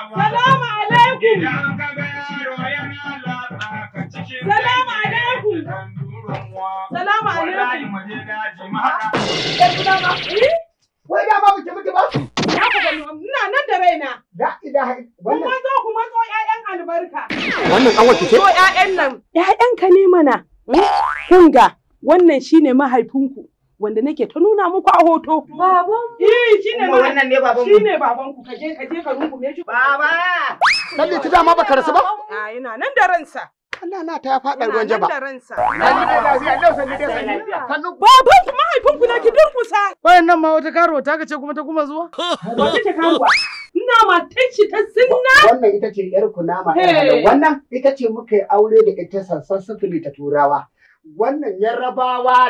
Salamu alaikum. Salamu alaikum. Salamu alaikum. Eh? Wai da babu ki miki ba? Na ku gani ina nan da raina. Da ilaha wannan. Kuma zo kuma zo ƴaƴan albarka. Wannan an wace ce? Zo ƴaƴan nan. Ƴaƴanka ne mana. Eh, kun ga wannan shine mahaifinku wanda nake ta nuna muku a hoto. Babu Eh. nan ne baban mu. Shine baban ku kaje kaje ka rungume shi. Baba. Dan ne tida ma baka rasu ba? A ina nan da ransa. Allah na ta faɗa ruwan jaba. Nan da ransa. Nan ne lafiya Allah sanni dai sanni. Sannu. Baban ku mahaifin ku na ki durkusa. Bayan nan ma wata karo ta kace kuma ta kuma zuwa. Wata ta karo. Nama ta ce ta sinna. Wannan ita ce yar kunama. Wannan ita ce muka yi aure da ita sansan sufuri ta turawa. Wannan yarabawa